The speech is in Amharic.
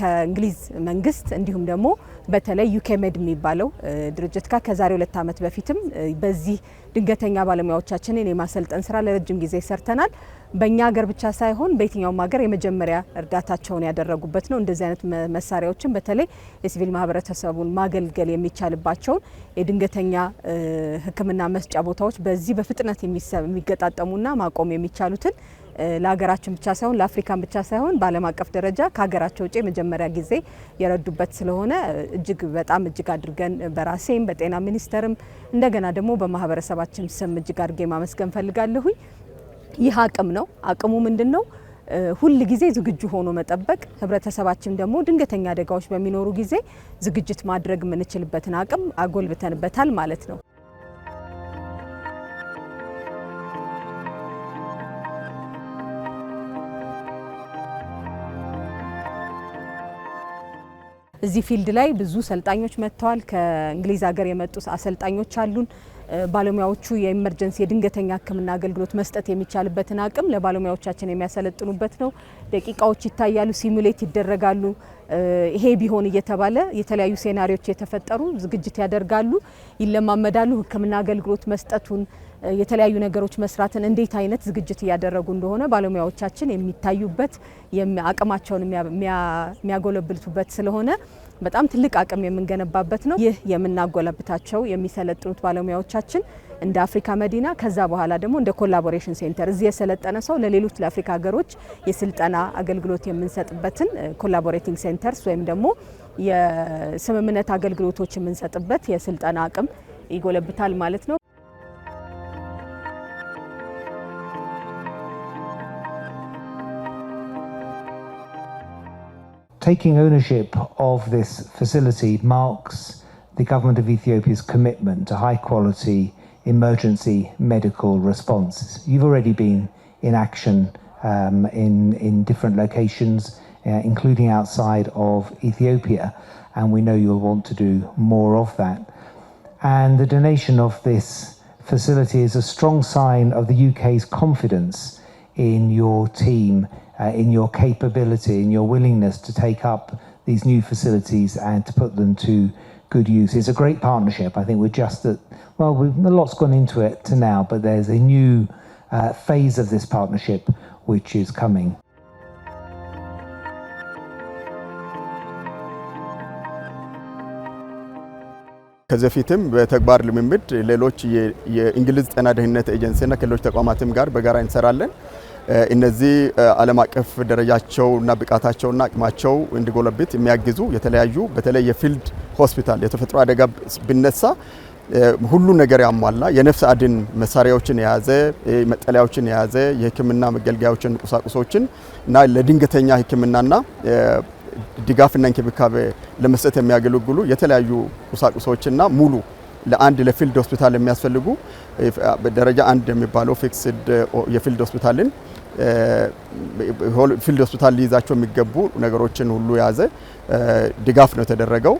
ከእንግሊዝ መንግስት እንዲሁም ደግሞ በተለይ ዩኬሜድ የሚባለው ድርጅት ጋር ከዛሬ ሁለት ዓመት በፊትም በዚህ ድንገተኛ ባለሙያዎቻችንን የማሰልጠን ስራ ለረጅም ጊዜ ሰርተናል። በእኛ ሀገር ብቻ ሳይሆን በየትኛውም ሀገር የመጀመሪያ እርዳታቸውን ያደረጉበት ነው። እንደዚህ አይነት መሳሪያዎችን በተለይ የሲቪል ማህበረተሰቡን ማገልገል የሚቻልባቸውን የድንገተኛ ሕክምና መስጫ ቦታዎች በዚህ በፍጥነት የሚገጣጠሙና ማቆም የሚቻሉትን ለሀገራችን ብቻ ሳይሆን ለአፍሪካን ብቻ ሳይሆን በዓለም አቀፍ ደረጃ ከሀገራቸው ውጭ የመጀመሪያ ጊዜ የረዱበት ስለሆነ እጅግ በጣም እጅግ አድርገን በራሴም በጤና ሚኒስቴርም እንደገና ደግሞ በማህበረሰባችን ስም እጅግ አድርጌ ማመስገን ፈልጋለሁኝ። ይህ አቅም ነው። አቅሙ ምንድን ነው? ሁል ጊዜ ዝግጁ ሆኖ መጠበቅ፣ ህብረተሰባችን ደግሞ ድንገተኛ አደጋዎች በሚኖሩ ጊዜ ዝግጅት ማድረግ የምንችልበትን አቅም አጎልብተንበታል ማለት ነው። እዚህ ፊልድ ላይ ብዙ ሰልጣኞች መጥተዋል። ከእንግሊዝ ሀገር የመጡ አሰልጣኞች አሉን። ባለሙያዎቹ የኢመርጀንሲ የድንገተኛ ሕክምና አገልግሎት መስጠት የሚቻልበትን አቅም ለባለሙያዎቻችን የሚያሰለጥኑበት ነው። ደቂቃዎች ይታያሉ፣ ሲሙሌት ይደረጋሉ። ይሄ ቢሆን እየተባለ የተለያዩ ሴናሪዎች የተፈጠሩ ዝግጅት ያደርጋሉ፣ ይለማመዳሉ፣ ሕክምና አገልግሎት መስጠቱን የተለያዩ ነገሮች መስራትን እንዴት አይነት ዝግጅት እያደረጉ እንደሆነ ባለሙያዎቻችን የሚታዩበት አቅማቸውን የሚያጎለብቱበት ስለሆነ በጣም ትልቅ አቅም የምንገነባበት ነው። ይህ የምናጎለብታቸው የሚሰለጥኑት ባለሙያዎቻችን እንደ አፍሪካ መዲና ከዛ በኋላ ደግሞ እንደ ኮላቦሬሽን ሴንተር እዚህ የሰለጠነ ሰው ለሌሎች ለአፍሪካ ሀገሮች የስልጠና አገልግሎት የምንሰጥበትን ኮላቦሬቲንግ ሴንተርስ ወይም ደግሞ የስምምነት አገልግሎቶች የምንሰጥበት የስልጠና አቅም ይጎለብታል ማለት ነው። taking ownership of this facility marks the government of Ethiopia's commitment to high quality emergency medical response. You've already been in action um, in, in different locations, uh, including outside of Ethiopia, and we know you'll want to do more of that. And the donation of this facility is a strong sign of the UK's confidence in your team uh, in your capability, in your willingness to take up these new facilities and to put them to good use. It's a great partnership. I think we're just at, well, we've, a lot's gone into it to now, but there's a new uh, phase of this partnership which is coming. ከዚህ በፊትም በተግባር ልምምድ ሌሎች የእንግሊዝ ጤና ደህንነት ኤጀንሲና ከሌሎች ተቋማትም ጋር በጋራ እንሰራለን። እነዚህ ዓለም አቀፍ ደረጃቸውና ብቃታቸውና አቅማቸው እንዲጎለብት የሚያግዙ የተለያዩ በተለይ የፊልድ ሆስፒታል የተፈጥሮ አደጋ ቢነሳ ሁሉ ነገር ያሟላ የነፍስ አድን መሳሪያዎችን የያዘ መጠለያዎችን የያዘ የሕክምና መገልገያዎችን ቁሳቁሶችን እና ለድንገተኛ ሕክምናና ድጋፍና እንክብካቤ ለመስጠት የሚያገለግሉ የተለያዩ ቁሳቁሶችና ሙሉ ለአንድ ለፊልድ ሆስፒታል የሚያስፈልጉ ደረጃ አንድ የሚባለው ፊክስድ የፊልድ ሆስፒታልን ፊልድ ሆስፒታል ሊይዛቸው የሚገቡ ነገሮችን ሁሉ የያዘ ድጋፍ ነው የተደረገው።